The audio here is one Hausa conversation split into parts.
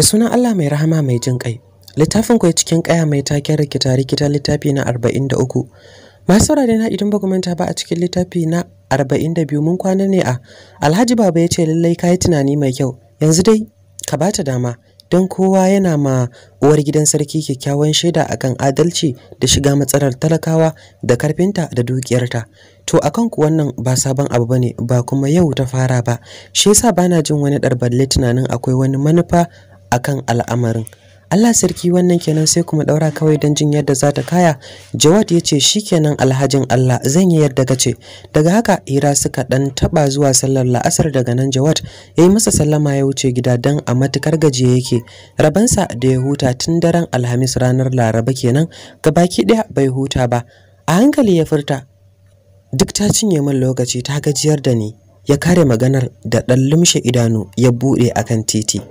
da sunan Allah mai rahama mai jin kai littafin ku cikin kaya mai taken rikita rikita littafi na 43 masu saurare na idan baku manta ba a cikin littafi na 42 mun kwana ne a Alhaji Baba ya ce lallai kai tunani mai kyau yanzu dai ka bata dama don kowa yana ma uwar gidan sarki kyakkyawan shaida akan adalci da shiga matsalar talakawa da karfinta da dukiyarta to akan ku wannan ba sabon abu ba ne, ba kuma yau ta fara ba shi yasa bana jin wani darballe tunanin akwai wani manufa akan al'amarin Allah sarki wannan kenan sai kuma daura kawai don jin yadda za ta kaya Jawad ya ce kenan alhajin Allah zan yi yadda kace daga haka Ira suka ɗan taɓa zuwa sallar la'asar daga nan Jawad ya yi masa sallama ya wuce gida don a matukar gaje yake rabansa da ya huta tun daren Alhamis ranar Laraba kenan gabaki ɗaya bai huta ba a hankali ya furta duk ta cinye min lokaci ta gajiyar da ni ya kare maganar da ɗan lumshe idanu ya bude akan titi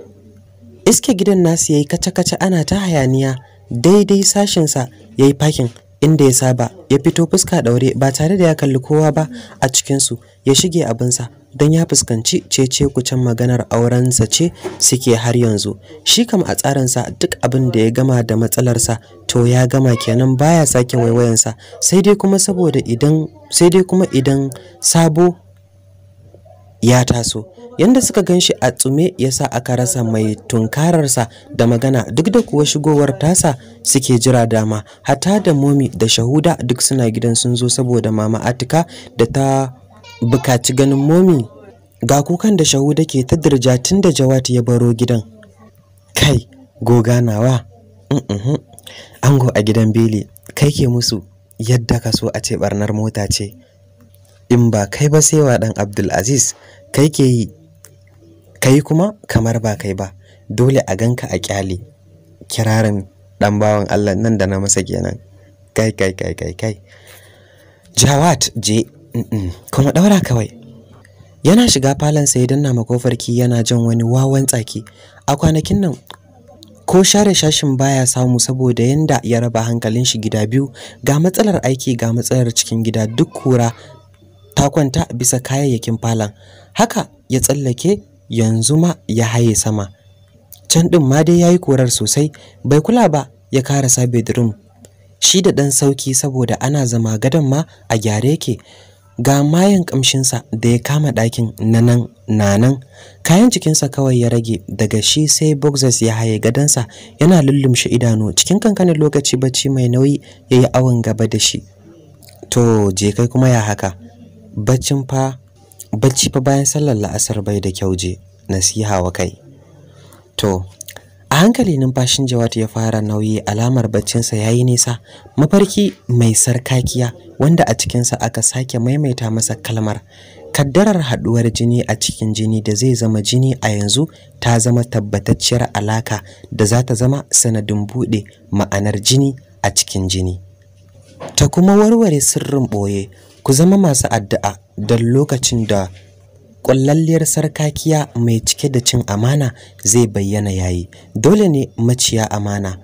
iske gidan nasu ya yi kace-kace ana ta hayaniya daidai sashinsa yi fakin inda ya saba ya fito fuska daure ba tare da ya kalli kowa ba a cikinsu ya shige abinsa don ya fuskanci cece kucin maganar aurensa ce suke har yanzu shi kam a tsarinsa duk abin da ya gama da matsalarsa to ya gama kenan baya sake waiwayansa sai dai kuma saboda idan sai dai kuma idan sabo ya taso yanda suka gan shi a tsume ya sa aka rasa mai tunkararsa da magana duk da kuwa shigowar tasa suke jira dama hata da momi da shahuda duk suna gidan sun zo saboda mama atika da ta bukaci ganin momi ga kukan da shahuda ke ta dirja tun da jawat ya baro gidan kai goga nawa ango a gidan beli kai ke musu yadda ka so a ce barnar mota ce in ba kai ba sai wa dan abdulaziz kai ke yi kai kuma kamar ba kai ba dole a ganka a kyale kirarin dan bawan Allah nan da na masa kenan kai kai kai kai kai Jawad je kuma daura kawai yana shiga falon sai danna makofarki yana jan wani wawan tsaki a kwanakin nan ko share shashin baya samu saboda yanda ya raba hankalin shi gida biyu ga matsalar aiki ga matsalar cikin gida duk kura ta kwanta bisa kayayyakin falon haka ya tsallake yanzu ma ya haye sama can din ma dai yayi korar sosai bai kula ba ya karasa bedroom shi da dan sauki saboda ana zama gadon ma a gyare yake ga mayan sa da ya kama ɗakin nanan nanan kayan cikinsa kawai ya rage daga shi sai boxers ya haye sa yana lullumshi idanu cikin kankanin lokaci bacci mai nauyi yayi yi awon gaba da shi to je kai kuma ya haka baccin fa bacci fa bayan sallar la'asar bai da kyau je nasiha wa kai to a hankali numfashin jawad ya fara nauyi alamar baccinsa ya yi nisa mafarki mai sarkakiya wanda a cikinsa aka sake maimaita masa kalmar kaddarar haduwar jini a cikin jini da zai zama jini a yanzu ta zama tabbatacciyar alaka da za ta zama sanadin buɗe ma'anar jini a cikin jini ta kuma warware sirrin ɓoye ku zama masu addu'a don lokacin da ƙwallalliyar sarkakiya mai cike da cin amana zai bayyana yayi dole ne maciya amana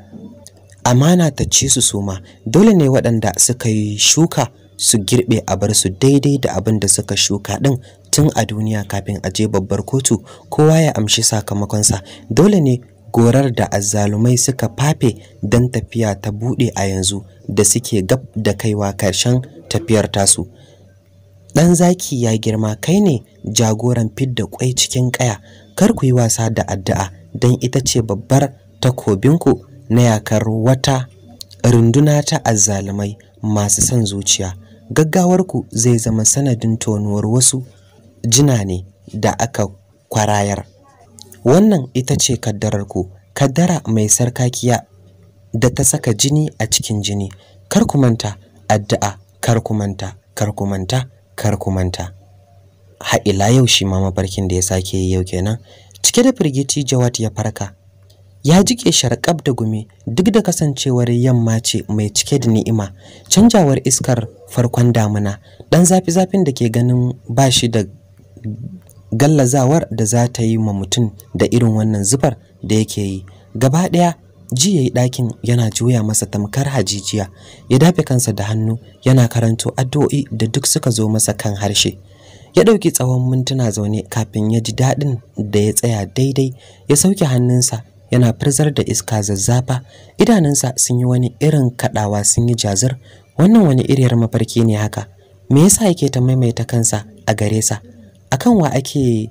amana ta ci su suma dole ne waɗanda suka yi shuka su girbe a bar su daidai da abin da suka shuka ɗin tun a duniya kafin a je babbar kotu kowa ya amshi sakamakonsa dole ne gorar da azzalumai suka fafe don tafiya ta buɗe a yanzu da suke gab da kaiwa karshen tafiyar tasu ɗan zaki ya girma kai ne jagoran fidda kwai cikin ƙaya kar ku yi wasa da addu'a don ita ce babbar takobinku na yakar wata runduna ta azzalumai masu son zuciya gaggawarku zai zama sanadin tonuwar wasu jina ne da aka kwarayar wannan ita ce kaddararku kaddara mai sarkakiya da ta saka jini a cikin jini kar ku manta addu'a kar ku manta kar ku manta kar ku manta ha ila yau shi ma mafarkin da ya sake yi yau kenan cike da firgici Jawad ya farka ya jike sharkab da gumi duk da kasancewar yamma ce mai cike da ni'ima canjawar iskar farkon damuna dan zafi zafin da ke ganin ba shi da gallazawar da za ta yi ma mutum da irin wannan zubar da yake yi gaba ɗaya ji yayi ɗakin yana juya masa tamkar hajijiya ya dafe kansa da hannu yana karanto addu'o'i da duk suka zo masa kan harshe ya ɗauki tsawon mintuna zaune kafin ya ji daɗin da ya tsaya daidai ya sauke hannunsa yana firzar da iska zazzafa idanunsa sun yi wani irin kaɗawa sun yi jazir wannan wani iriyar mafarki ne haka me yasa yake ta maimaita kansa a gare sa akan wa ake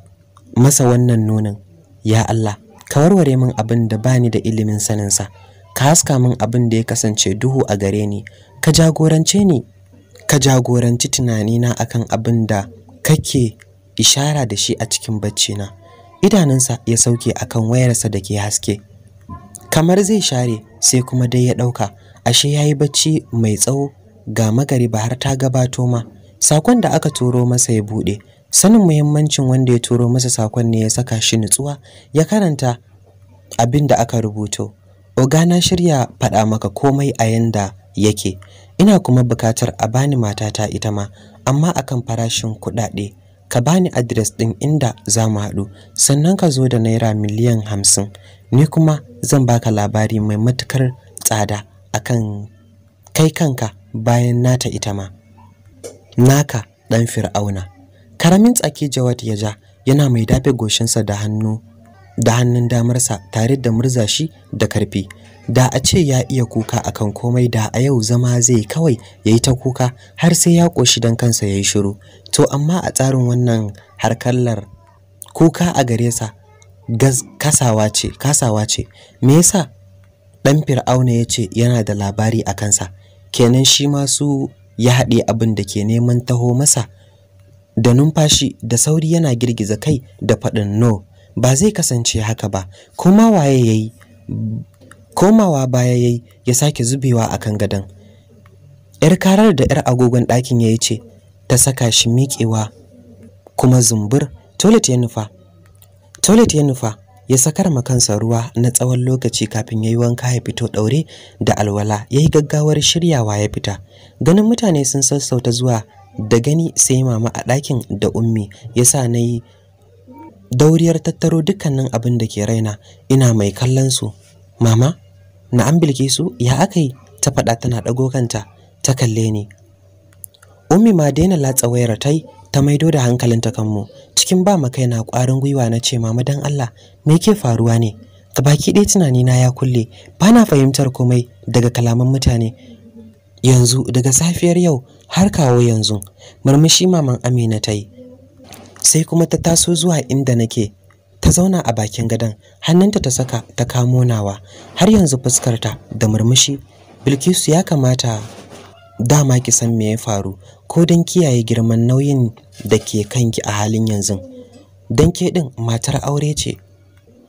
masa wannan nunin ya Allah ka warware min abin da bani da ilimin saninsa ka haska min abin da ya kasance duhu a gare ni ka jagorance ni ka jagoranci tunanina akan abin da kake ishara da shi a cikin bacci na. idanunsa ya sauke akan wayarsa da ke haske kamar zai share sai kuma dai ya ɗauka ashe ya yi bacci mai tsawo ga magariba har ta gabato ma sakon da aka turo masa ya buɗe sanin muhimmancin wanda ya turo masa sakon ne ya saka shi nutsuwa ya karanta abin da aka rubuto oga na shirya faɗa maka komai a yanda yake ina kuma bukatar a bani matata ita ma amma akan farashin kuɗaɗe ka bani adres ɗin inda za mu haɗu sannan ka zo da naira miliyan hamsin ni kuma zan baka labari mai matukar tsada akan kai kanka bayan nata ita ma naka ɗan fir'auna Karamin tsaki Jawad ya ja yana mai dafe goshinsa da hannu da hannun damarsa tare da murzashi da karfi. Da a ce ya iya kuka akan komai da a yau zama zai kawai ya yi ta kuka har sai ya ƙoshi don kansa ya yi shiru. To amma a tsarin wannan harkallar kuka a gare sa kasawa ce kasawa ce me yasa dan fir'auna ya ce yana da labari a kansa kenan shi ma su ya haɗe abin da ke neman taho masa da numfashi da sauri yana girgiza kai da faɗin no ba zai kasance haka ba Komawa yayi komawa baya yayi ya sake zubewa kan gadon yar karar da yar agogon ɗakin yayi ce ta saka shi miƙewa kuma zumbur toilet ya nufa toilet ya nufa ya sakar ma kansa ruwa na tsawon lokaci kafin yayi wanka ya fito daure da alwala yayi gaggawar shiryawa ya fita ganin mutane sun sassauta zuwa da gani sai mama a ɗakin da ummi yasa na yi dauriyar tattaro dukkanin abin da ke raina ina mai kallon su mama na an bilke su ya aka yi ta faɗa tana ɗago kanta ta kalle ni ummi ma daina latsa wayar tai ta maido da hankalinta kanmu cikin ba ma kaina ƙwarin gwiwa na ce mama dan Allah me ke faruwa ne baki ɗaya tunani na ya kulle Bana fahimtar komai daga kalaman mutane yanzu daga safiyar yau har kawo yanzu murmushi maman Amina ta yi sai kuma ta taso zuwa inda nake ta zauna a bakin gadon hannunta ta saka ta kamo nawa har yanzu fuskarta da murmushi Bilkisu ya kamata dama ki san me ya faru ko don kiyaye girman nauyin da ke kanki a halin yanzu don ke din matar aure ce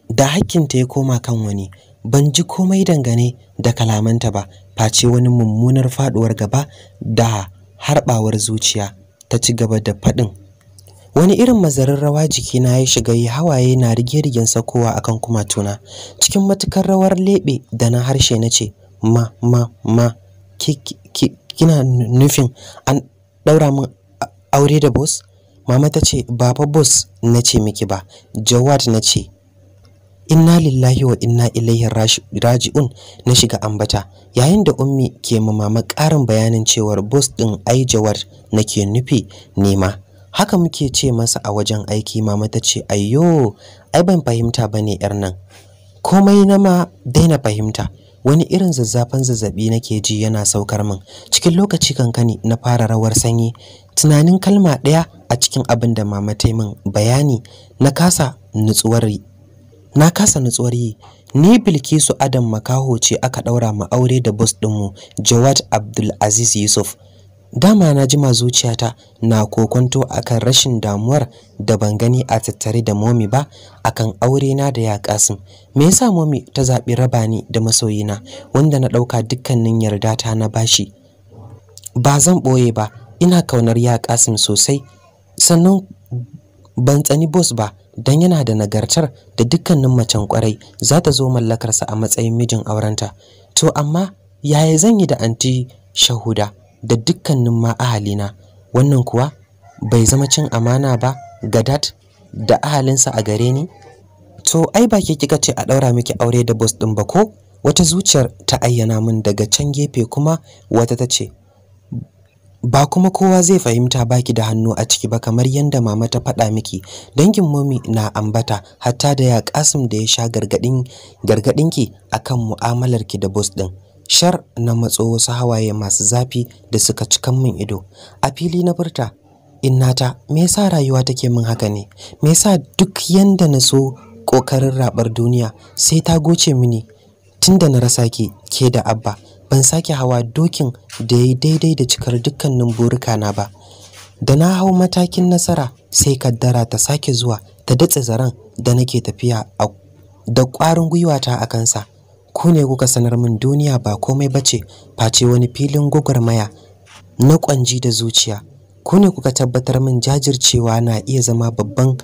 da hakkinta ya koma kan wani ban ji komai dangane da kalamanta ba face wani mummunar faduwar gaba da harbawar zuciya ta ci gaba da faɗin wani irin mazarin rawa jiki na ya shiga yi hawaye na rige-rigen sakowa akan kumatuna cikin matukar rawar leɓe da na harshe na ce ma ma ma kina nufin an ɗaura min aure da bos? mama ta ce baba bos na ce miki ba jawad na ce inna lillahi wa inna ilaihi raji'un na shiga ambata yayin da ummi ke mama karin bayanin cewar boss din ai jawar nake nufi nema haka muke ce masa a wajen aiki mama ta ce ayyo ai ban fahimta bane yar nan komai na ma daina fahimta wani irin zazzafan zazzabi nake ji yana saukar min cikin lokaci kankani na fara rawar sanyi tunanin kalma ɗaya a cikin abin da mama ta yi min bayani na kasa nutsuwar na kasa nutsuwar yi ni bilkisu adam makaho ce aka ɗaura ma aure da bus ɗinmu jawad abdulaziz yusuf dama na jima zuciyata na kokonto akan rashin damuwar da ban gani a tattare da momi ba akan aure na da ya kasim me yasa momi ta zaɓi raba ni da masoyina wanda na ɗauka dukkanin yarda ta na bashi ba zan ɓoye ba ina kaunar ya kasim sosai sannan ban tsani boss ba dan yana da nagartar da dukkanin macen kwarai za ta zo mallakarsa a matsayin mijin aurenta to amma yaya zan yi da anti shahuda da dukkanin ma ahalina wannan kuwa bai zama cin amana ba ga dat da ahalinsa a gare ni to ai ba ke kika ce a daura miki aure da boss din ba ko wata zuciyar ta ayyana min daga can gefe kuma wata ta ce ba kuma kowa zai fahimta baki da hannu a ciki ba kamar yadda mama ta faɗa miki dangin momi na ambata hatta da ya kasim da ya sha gargaɗin gargaɗinki akan ki da boss ɗin shar na matso wasu hawaye masu zafi da suka cikan min ido a fili na furta innata me yasa rayuwa take min haka ne me yasa duk yanda na so kokarin rabar duniya sai ta goce mini tunda na rasa ki ke da abba ban sake hawa dokin da ya yi daidai da cikar dukkanin na ba da na hau matakin nasara sai kaddara ta sake zuwa ta datse zaren da nake tafiya da ƙwarin gwiwata a kansa ku ne kuka sanar min duniya ba komai ba ce face wani filin gwagwarmaya na ƙwanji da zuciya ku ne kuka tabbatar min jajircewa na iya zama babban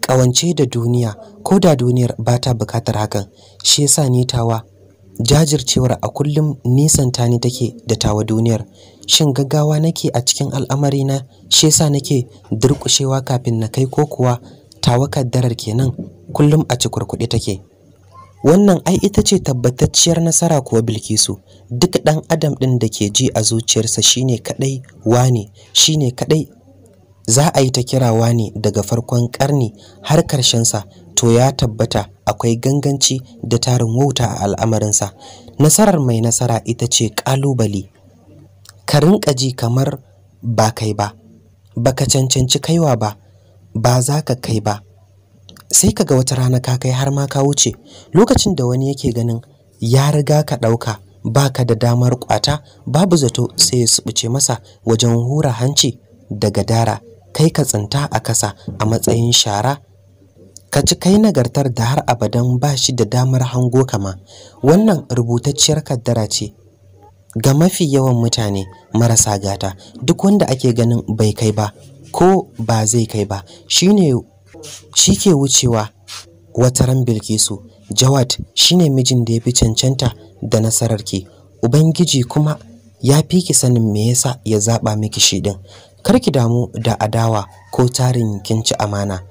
ƙawance da duniya ko da duniyar ba ta buƙatar hakan shi yasa ni tawa jajircewar a kullum nisanta ni take da tawa duniyar shin gaggawa nake a cikin al'amari na shi yasa nake durƙushewa kafin na kai ko kuwa tawa kaddarar kenan kullum a cikurkuɗe take wannan ai ita ce tabbatacciyar nasara kuwa Bilkisu duk ɗan adam ɗin da ke ji a zuciyarsa shine kadai wane shine kadai za a yi ta kirawa wane daga farkon ƙarni har sa to ya tabbata akwai ganganci da tarin wauta a al'amarinsa nasarar mai nasara ita ce ƙalubale ka rinka ji kamar ba kai ba baka cancanci kaiwa ba ba za ka kai ba sai ka ga wata rana ka kai har ma ka wuce lokacin da wani yake ganin ya riga ka ɗauka ka da damar kwata babu zato sai ya subuce masa wajen hura hanci daga dara kai ka tsinta a kasa a matsayin shara ka ci kai nagartar da har abadan ba shi da damar hango kama wannan rubutacciyar kaddara ce ga mafi yawan mutane marasa gata duk wanda ake ganin bai kai ba ko ba zai kai ba shine shi ke wucewa wata ran bilkisu jawad shine mijin da ya fi cancanta da nasarar ki. ubangiji kuma ya fi ki sanin me yasa ya zaba miki shi din ki damu da adawa ko tarin kin ci amana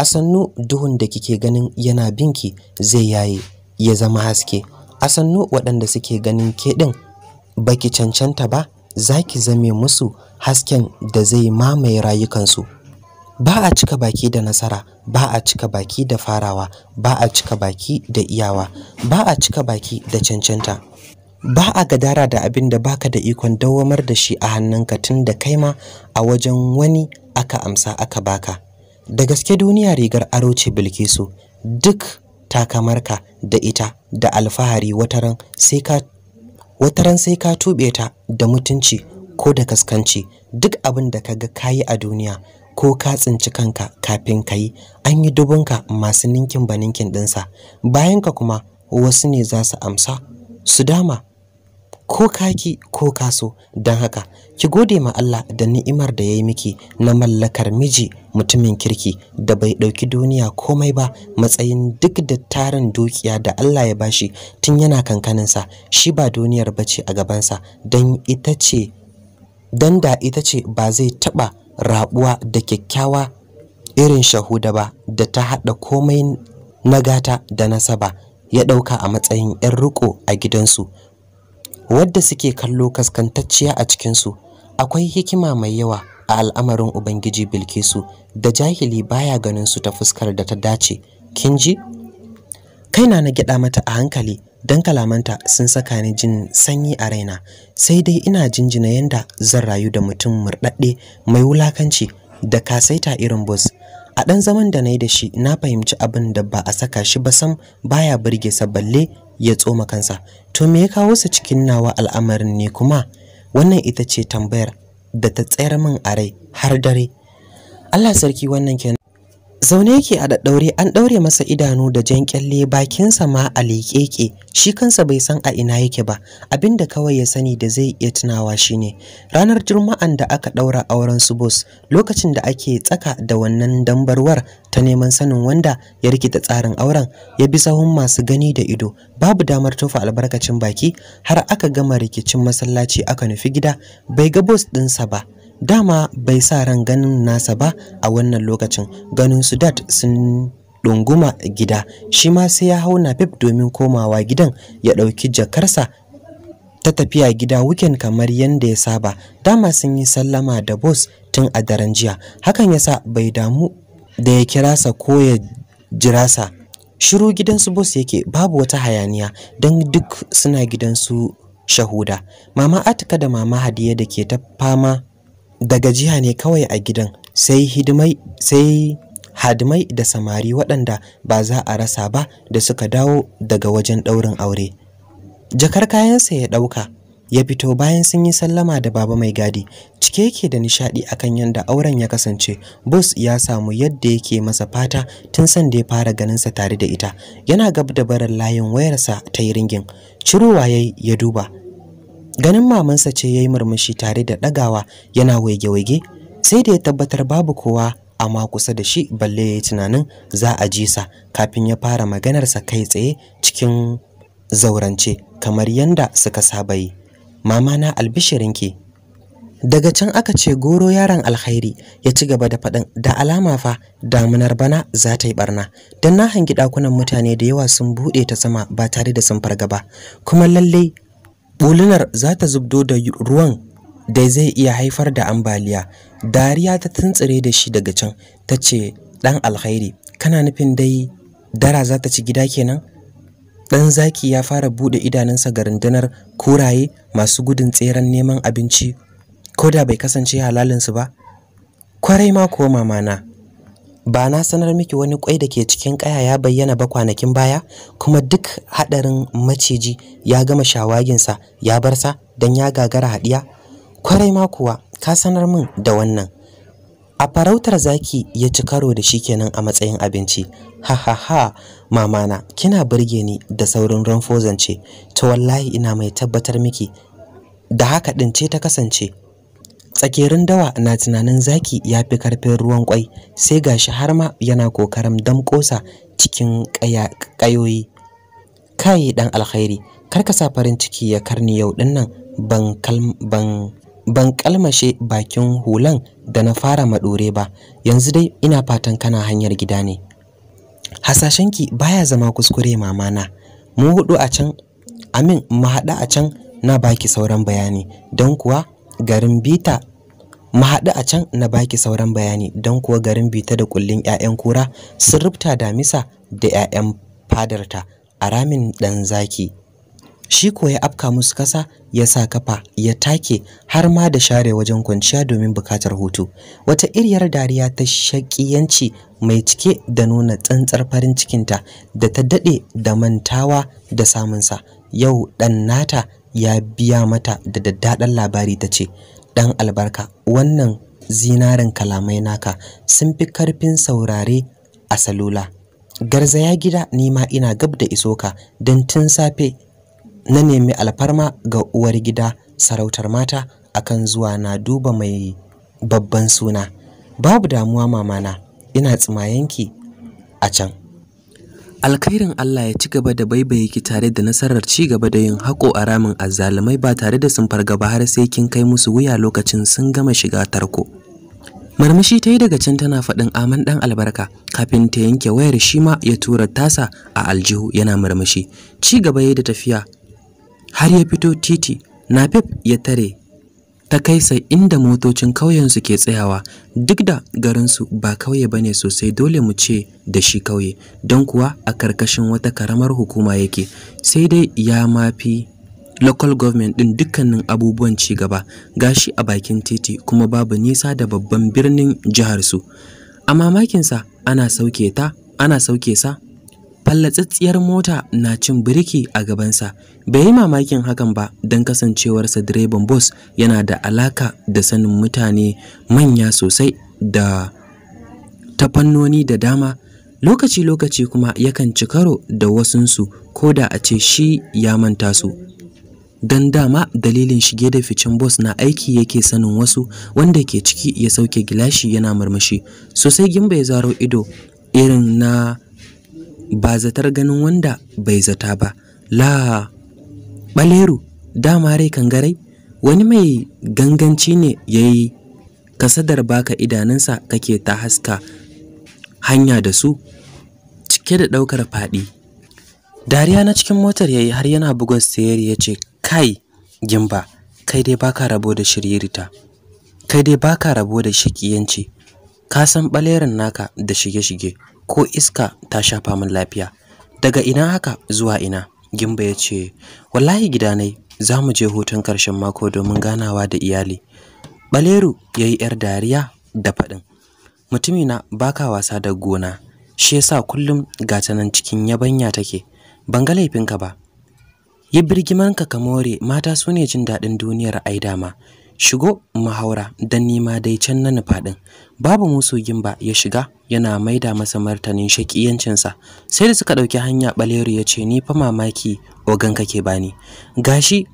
a sannu duhun da kike ganin yana binki zai yaye ya zama haske a sannu waɗanda suke ganin ke ɗin baki cancanta ba za ki zame musu hasken da zai mamaye rayukansu ba a cika baki da nasara ba a cika baki da farawa ba a cika baki da iyawa ba a cika baki da cancanta ba a gadara da abin da baka da ikon dawamar da shi a hannunka tun da kai ma a wajen wani aka amsa aka baka da gaske duniya rigar aro ce bilkisu duk takamarka da ita da alfahari wataran sai ka tuɓe tube ta da mutunci ko da kaskanci duk abin da ka ga kayi a duniya ko ka tsinci kanka kafin kayi an yi dubunka masu ninkin baninkin dinsa bayanka kuma wasu ne za su amsa su dama ko kaki ko kaso don haka ki gode ma Allah da ni'imar da ya yi miki na mallakar miji mutumin kirki da bai ɗauki duniya komai ba matsayin duk da tarin dukiya da Allah ya bashi tun yana kankaninsa shi ba duniyar bace a gabansa don ita ce don da ita ce ba zai taɓa rabuwa da kyakkyawa irin shahuda ba da ta haɗa komai na gata da nasaba ya ɗauka a matsayin 'yan riko a gidansu wadda suke kallo kaskantacciya a cikinsu akwai hikima mai yawa a al'amarin ubangiji bilkisu da jahili baya ganin su ta fuskar da ta dace kin ji kaina na gyaɗa mata a hankali dan kalamanta sun saka ni jin sanyi a raina sai dai ina jinjina yanda zan rayu da mutum murɗaɗɗe mai wulakanci da kasaita irin bus a ɗan zaman da na yi da shi na fahimci abin da ba a saka shi ba sam baya burge sa balle ya tsoma kansa to me ya kawo sa cikin nawa al'amarin ne kuma wannan ita ce tambayar da ta tsayar min a rai har dare Allah sarki wannan kenan zaune yake a daddaure an ɗaure masa idanu da jan kyalle bakinsa ma a liƙeƙe shi kansa bai san a ina yake ba abinda kawai ya sani da zai iya tunawa shine ranar juma'an da aka ɗaura auren su bos lokacin da ake tsaka da wannan dambarwar ta neman sanin wanda ya rikita tsarin auren ya bi sahun masu gani da ido babu damar tofa albarkacin baki har aka gama rikicin masallaci aka nufi gida bai ga Bos ɗinsa ba dama bai sa ran ganin nasa ba a wannan lokacin ganin su sun dunguma gida shi ma sai ya hau pep domin komawa gidan ya ɗauki jakarsa ta tafiya gida weekend kamar yadda ya saba dama sun yi sallama da boss tun a daren jiya hakan ya sa bai damu da ya kira sa ko ya jira sa shiru gidansu boss yake babu wata hayaniya don duk suna gidansu shahuda mama atika da mama hadiya da ke ta fama daga jiha ne kawai a gidan sai hidimai sai hadimai da samari waɗanda ba za a rasa ba da suka dawo daga wajen ɗaurin aure jakar kayansa ya ɗauka ya fito bayan sun yi sallama da baba mai gadi cike yake da nishaɗi akan yadda auren ya kasance bus ya samu yadda yake masa fata tun san da ya fara ganinsa tare da ita yana gab da barin layin wayarsa ta yi ringin ciro ya duba ganin mamansa ce ya yi murmushi tare da ɗagawa yana waige-waige sai da ya tabbatar babu kowa amma kusa da shi balle ya yi tunanin za a ji sa kafin ya fara maganarsa kai tsaye cikin zaurance kamar yadda suka saba yi mama na albishirinki daga can aka ce goro yaron alkhairi ya ci gaba da faɗin da alama fa damunar bana za ta yi ɓarna, don na hangi ɗakunan mutane da yawa sun buɗe ta sama ba tare da sun fargaba kuma lallai bulunar za ta zubdo da ruwan da zai iya haifar da ambaliya dariya ta tuntsire da shi daga can ta ce ɗan alkhairi kana nufin dai dara za ta ci gida kenan ɗan zaki ya fara buɗe idanunsa ga rundunar kuraye masu gudun tseren neman abinci ko da bai kasance halalinsu ba kwarai ma ko mamana ba na sanar miki wani kwai da ke cikin kaya ya bayyana ba kwanakin baya kuma duk hadarin maciji ya gama shawaginsa ya bar sa don ya gagara haɗiya? kwarai ma kuwa ka sanar min da wannan a farautar zaki ya ci karo da shi kenan a matsayin abinci ha ha ha mamana kina burge ni da saurin ranfozance Ta wallahi ina mai tabbatar miki da haka ɗince ta kasance tsakerin dawa na tunanin zaki ya fi karfin ruwan kwai sai gashi har ma yana kokarin damƙosa cikin ƙayoyi kai dan alkhairi kar ka sa farin ciki ya karni yau nan ban ban ban kalmashe bakin hulan da na fara madure ba yanzu dai ina fatan kana hanyar gida ne hasashenki baya zama kuskure mamana mu hudu a can amin mu hada a can na baki sauran bayani don kuwa garin bita mu haɗu a can na baki sauran bayani don kuwa garin bita da kullin 'ya'yan kura sun rubta damisa da 'ya'yan fadarta a ramin ɗan zaki shi ko ya afka musu kasa ya sa kafa ya take har ma da share wajen kwanciya domin bukatar hutu wata iriyar dariya ta shakiyanci mai cike da nuna tsantsar farin cikinta da ta dade da mantawa da samunsa yau ɗan nata ya biya mata da daddaɗan labari ta ce 'dan albarka wannan zinarin kalamai naka sun fi karfin saurare a salula garzaya gida ni ma ina gab da isoka, don tun safe na nemi alfarma ga uwar gida sarautar mata akan zuwa na duba mai babban suna babu damuwa mamana ina tsimayenki a can Alkhairin Allah ya ci gaba da baibaye ki tare da nasarar ci gaba da yin hako a ramin azzalumai ba tare da sun fargaba har sai kin kai musu wuya lokacin sun gama shiga tarko. Marmashi ta yi daga can tana faɗin aman ɗan albarka kafin ta yanke wayar shi ma ya tura tasa a aljihu yana murmushi. Ci gaba ya da tafiya har ya fito titi Nafif ya tare ta kai sai inda motocin kauyen su ke tsayawa duk da garinsu ba kauye bane sosai dole mu ce da shi kauye don kuwa a karkashin wata karamar hukuma yake sai dai ya mafi local government ɗin dukkanin abubuwan ci gaba gashi a bakin titi kuma babu nisa da babban birnin jihar su a mamakinsa ana sauke ta ana sauke sa fallatsitsiyar mota na cin birki a gabansa bai yi mamakin hakan ba don kasancewarsa direban bus yana da alaka da sanin mutane manya sosai da tafannoni da dama lokaci-lokaci kuma yakan ci karo da wasunsu ko da a ce shi ya manta su don dama dalilin shige da ficen bus na aiki yake sanin wasu wanda ke ciki ya sauke gilashi yana murmushi sosai gimba ya zaro ido irin na ba zatar ganin wanda bai zata ba la Baleru, dama rai kangarai wani mai ganganci ne yayi yi kasadar baka idanunsa kake ta haska hanya da su cike da ɗaukar faɗi dariya na cikin motar yayi har yana bugun sayar ya kai gimba kai dai baka rabo da shiririta kai dai baka rabo da shikiyanci ka san balerin naka da shige-shige ko iska ta shafa min lafiya daga ina haka zuwa ina gimba ya ce wallahi gidanai za mu je hutun karshen mako domin ganawa da iyali baleru ya yi yar dariya da faɗin mutumina baka wasa da gona shi yasa kullum gata nan cikin yabanya take ban ga laifinka ba yi birgimanka ka more mata su ne jin daɗin duniyar ai dama shigo mahaura don nima dai can na nufa babu musu gimba ya shiga yana maida masa martanin shakiyancinsa sai da suka ɗauki hanya ɓaleru ya ce ni fa mamaki ogan kake bani gashi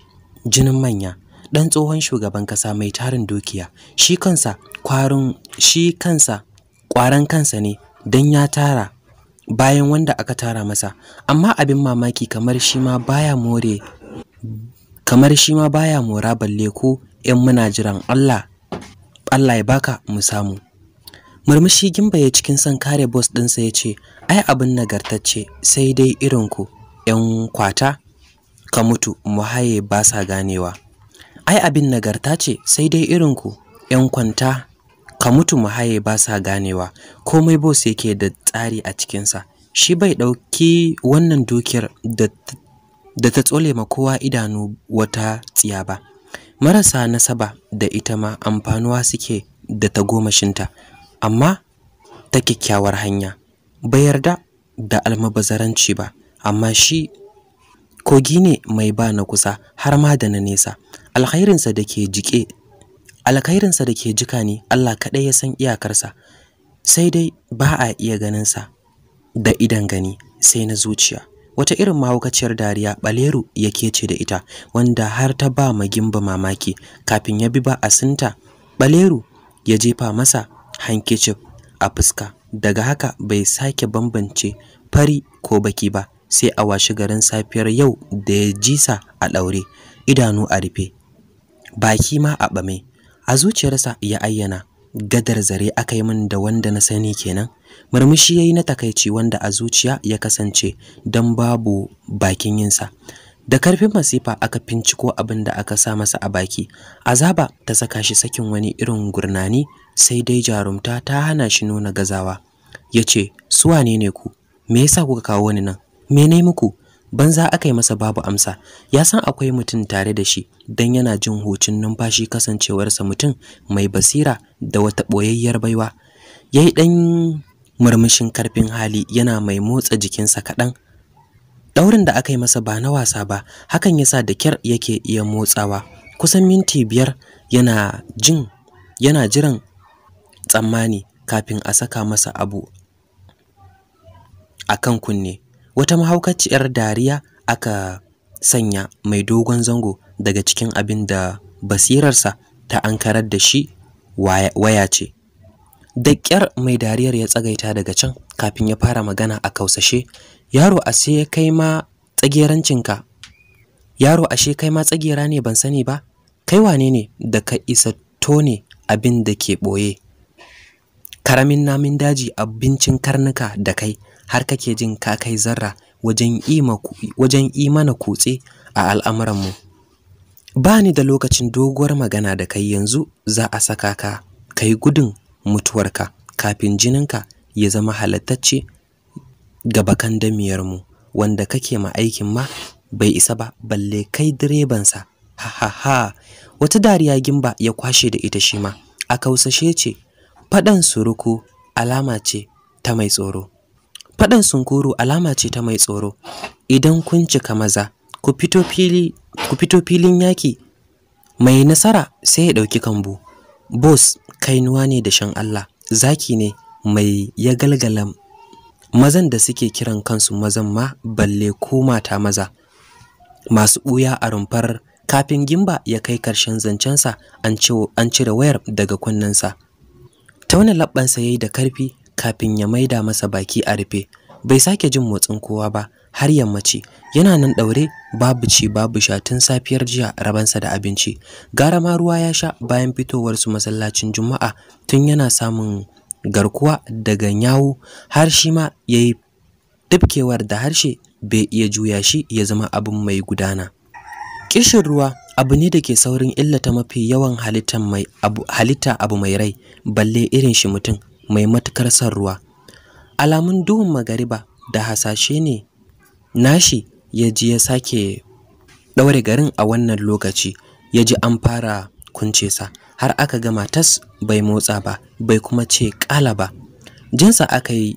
jinin manya ɗan tsohon shugaban ƙasa mai tarin dukiya shi kansa kwarin shi kansa ƙwaran kansa ne don ya tara bayan wanda aka tara masa amma abin mamaki kamar shi ma baya more kamar shi ma baya mora balle ko in muna jiran Allah Allah ya baka mu samu murmushi gimba ya cikin son kare boss ɗinsa ya ce ai abin nagartacce sai dai irin ku 'yan kwata ka mutu mu haye ba sa ganewa ai abin nagarta ce sai dai irin ku 'yan kwanta ka mutu mu haye ba sa ganewa komai boss yake da tsari a cikinsa shi bai ɗauki wannan dukiyar da ta tsole ma kowa idanu wata tsiya ba marasa nasaba da ita ma amfanuwa suke da tagomashinta amma ta kyakkyawar hanya bai yarda da almabazaranci ba amma shi kogi ne mai ba na kusa har ma da na nesa alkhairinsa da ke jike alkhairinsa da ke jika ne Allah kaɗai ya san iyakarsa sai dai ba a iya ganinsa da idan gani sai na zuciya wata irin mahaukaciyar dariya baleru ya kece da ita wanda har ta ba magimba mamaki kafin ya bi ba a asinta baleru ya jefa masa handkerchief a fuska daga haka bai sake bambance fari ko baki ba sai a washi garin safiyar yau da ya jisa a ɗaure idanu a rufe baki ma a bame a zuciyarsa ya ayyana gadar zare aka yi min da wanda na sani kenan murmushi yayi na takaici wanda a zuciya ya kasance dan babu bakin yinsa da karfin masifa aka finciko abin da aka sa masa a baki azaba ta saka shi sakin wani irin gurnani sai dai jarumta ta hana shi nuna gazawa yace su wane ne ku me yasa kuka kawo ni nan me ne muku banza aka yi masa babu amsa ya san akwai mutum tare da shi dan yana jin hocin numfashi kasancewarsa mutum mai basira da wata ɓoyayyar baiwa yayi yi ɗan murmushin karfin hali yana mai motsa jikinsa kaɗan ɗaurin da aka yi masa ba na wasa ba hakan yasa da kyar yake iya motsawa kusan minti biyar yana jin yana jiran tsammani kafin a saka masa abu a kan kunne wata mahaukaciyar dariya aka sanya mai dogon zango daga cikin abin da basirarsa ta ankarar da shi waya ce da ƙyar mai dariyar ya tsagaita daga can kafin ya fara magana a kausashe yaro a sai kai ma tsagerancinka yaro ashe kai ma tsagera ne ban sani ba kai wane ne da ka isa tone abin da ke ɓoye karamin namin daji abincin karnuka da kai har kake jin ka kai zarra wajen yi mana kutse a al'amuranmu ba ni da lokacin doguwar magana da kai yanzu za a saka ka kai gudun mutuwarka kafin jininka ya zama halattacce ga bakan damiyarmu wanda kake ma aikin ma bai isa ba balle kai direbansa ha ha ha wata dariya gimba ya kwashe da ita shi ma a kausashe ce faɗan suruku alama ce ta mai tsoro Faɗan sunkuru alama ce ta mai tsoro. Idan kun cika maza, ku fito filin yaki. Mai nasara sai ya ɗauki kambu. Boss kainuwa ne da shan Allah, zaki ne mai ya galgala mazan da suke kiran kansu mazan ma balle ko mata maza. Masu ɓuya a rumfar kafin gimba ya kai karshen zancensa an cire wayar daga kunnensa. Tauna labbansa ya yi da karfi kafin ya maida masa baki a rufe bai sake jin motsin kowa ba har yammaci yana nan daure babu ci babu sha tun safiyar jiya rabansa da abinci gara ma ruwa ya sha bayan fitowar su masallacin juma'a tun yana samun garkuwa daga nyawu har shi ma yayi dubkewar da harshe bai iya juya shi ya zama abin mai gudana kishin ruwa abu ne da ke saurin illata mafi yawan halitta abu mai rai balle irin shi mutum mai matukar son ruwa alamun duhun magariba da hasashe ne nashi ya ji ya sake ɗaure garin a wannan lokaci ya ji an fara kunce sa har aka gama tas bai motsa ba bai kuma ce ƙala ba jinsa aka yi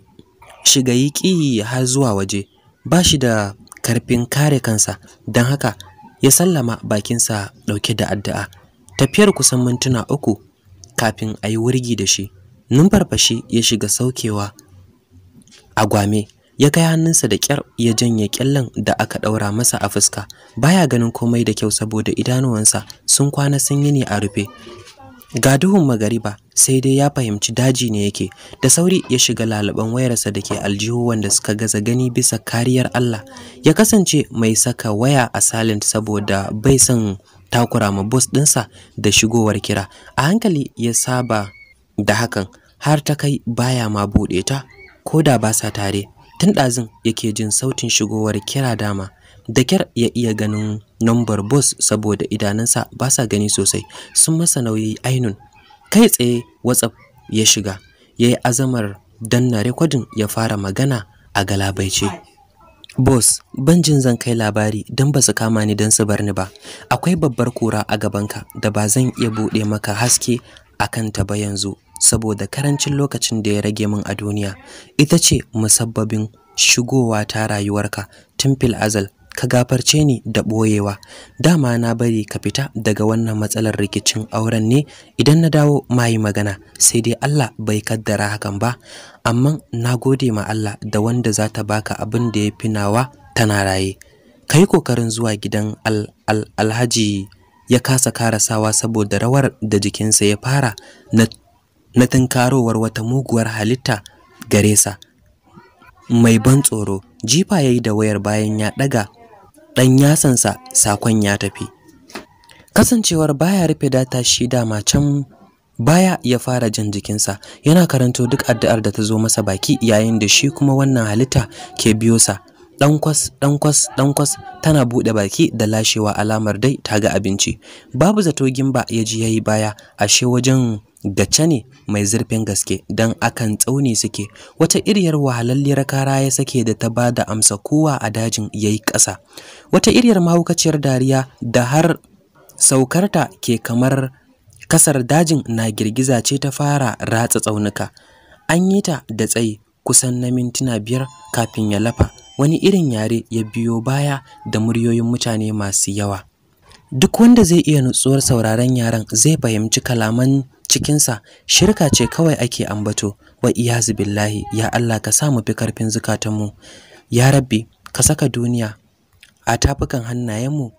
shiga yi har zuwa waje ba shi da karfin kare kansa don haka ya sallama bakinsa ɗauke da addu'a tafiyar kusan mintuna uku kafin ayi wurgi da shi numfarfashi ya shiga saukewa agwame ya kai hannunsa da kyar ya janye kyallan da aka daura masa a fuska baya ganin komai da kyau saboda idanuwansa sun kwana sun yi ne a rufe ga duhun magariba sai dai ya fahimci daji ne yake da sauri ya shiga lalaban wayarsa da ke aljihu wanda suka gaza gani bisa kariyar Allah ya kasance mai saka waya a silent saboda bai son takura ma boss dinsa da shigowar kira a hankali ya saba da hakan har ta kai baya ma buɗe ta ko da ba sa tare tun ɗazun yake jin sautin shigowar kira dama da kyar ya iya ganin nambar bus saboda idanunsa ba sa gani sosai sun masa nauyi ainun kai tsaye whatsapp ya shiga yayi azamar danna rikodin ya fara magana a galabaice Boss, ban jin zan kai labari dan ba su kama ni dan su bar ni ba. Akwai babbar kura a gabanka da ba zan iya buɗe maka haske a kanta ba yanzu saboda karancin lokacin da ya rage min a duniya ita ce musabbabin shigowa ta rayuwarka tun fil azal ka gafarce ni da ɓoyewa. dama na bari ka fita daga wannan matsalar rikicin auren ne idan na dawo mai magana sai dai Allah bai kaddara hakan ba amma na gode ma Allah da wanda za ta baka abin da ya fi nawa tana raye kai kokarin zuwa gidan al, alhaji ya kasa karasawa saboda rawar da jikinsa ya fara na tunkarowar wata muguwar halitta gare sa mai ban tsoro jifa ya yi da wayar bayan ya daga dan yasansa sakon ya tafi kasancewar baya rufe data shi dama can baya ya fara jin jikinsa yana karanto duk addu'ar da ta zo masa baki yayin da shi kuma wannan halitta ke biyo sa Ɗankwas, ɗankwas, ɗankwas tana buɗe baki da lashewa alamar dai ta ga abinci. Babu zato gimba ya ji ya baya, ashe wajen gacce ne mai zurfin gaske don akan tsauni suke. Wata iriyar wahalalliyar kara ya sake da ta ba da amsa kowa a dajin ya yi ƙasa. Wata iriyar mahaukaciyar dariya da har saukarta ke kamar kasar dajin na girgiza ce ta fara ratsa tsaunuka. An yi ta da tsayi kusan na mintuna biyar kafin ya lafa. wani irin yare ya biyo baya da muryoyin mutane masu yawa duk wanda zai iya nutsuwar sauraron yaren zai fahimci kalaman cikinsa shirka ce kawai ake ambato wa iyazu billahi ya Allah ka sa mu fi karfin zukatanmu ya rabbi ka saka duniya a tafukan hannayenmu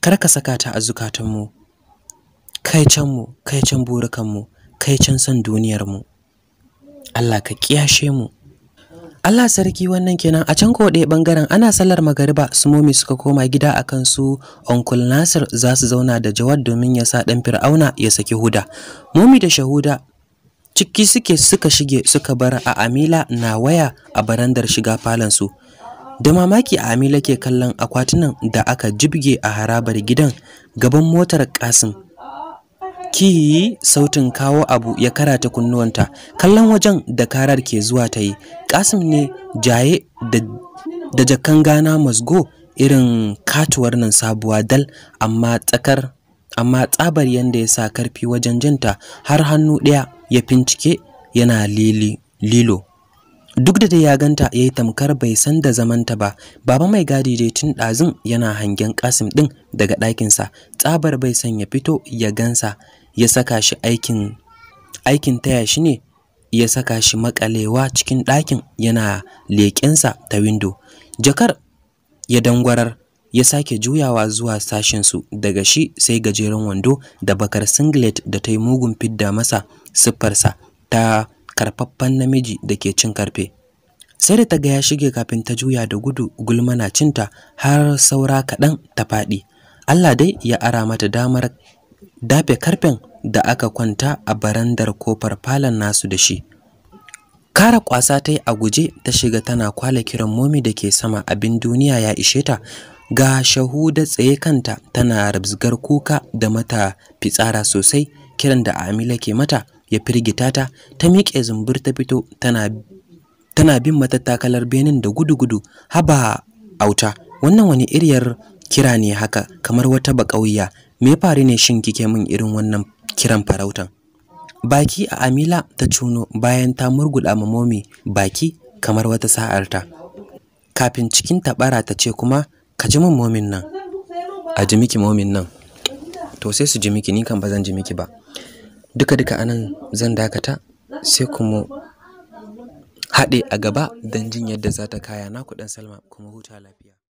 kar ka saka ta a zukatanmu kai can mu kai can burukanmu kai can san duniyarmu Allah ka kiyashe mu Allah sarki wannan kenan a can kowa ɗaya bangaren ana sallar magariba su momi suka koma gida a kan su Nasir za su zauna da Jawad domin ya sa ɗan Fir'auna ya saki Huda. Momi da Shahuda ciki suke suka shige suka bar a Amila na waya a barandar shiga falon Da mamaki a Amila ke kallon akwatunan da aka jibge a harabar gidan gaban motar Kasim ki sautin kawo abu ya karata kunnuwanta kallon wajen da karar ke zuwa ta yi kasim ne jaye da jakan gana masgo irin katuwar nan sabuwa dal amma tsakar amma tsabar yadda ya sa karfi wajen jinta har hannu ɗaya ya fincike yana lilo duk da dai ya ganta ya yi tamkar bai san da zamanta ba baba mai gadi dai tun ɗazun yana hangen Kasim ɗin daga ɗakinsa. tsabar bai san ya fito ya gansa ya saka shi aikin aikin taya shi ne ya saka shi makalewa cikin ɗakin yana leƙensa ta windo jakar ya dangwarar ya sake juyawa zuwa sashinsu daga shi sai gajeren wando da bakar singlet da ta yi mugun fidda masa siffarsa ta karfaffan namiji da ke cin karfe sai da ta ga ya shige kafin ta juya da gudu gulma na cinta har saura kaɗan ta faɗi Allah dai ya ara mata damar dafe karfen da aka kwanta a barandar kofar falon nasu da shi kara kwasa ta yi a guje ta shiga tana kwala kiran momi da ke sama abin duniya ya ishe ta ga shahuda tsaye kanta tana rabzgar kuka da mata fitsara sosai kiran da amila ke mata ya firgita ta ta miƙe zumbur ta fito tana tana bin matattakalar benin da gudu-gudu haba auta wannan wani iriyar kira ne haka kamar wata bakauya me ya faru ne shin kike min irin wannan kiran farautan baki a amila ta cuno bayan ta murguda ma momi baki kamar wata sa'ar ta kafin cikin tabara ta ce kuma ka ji min momin nan a ji miki momin nan to sai su ji miki ni kan ba zan ji miki ba duka duka anan zan dakata sai kuma haɗe a gaba don jin yadda za ta kaya na kuɗin salma kuma huta lafiya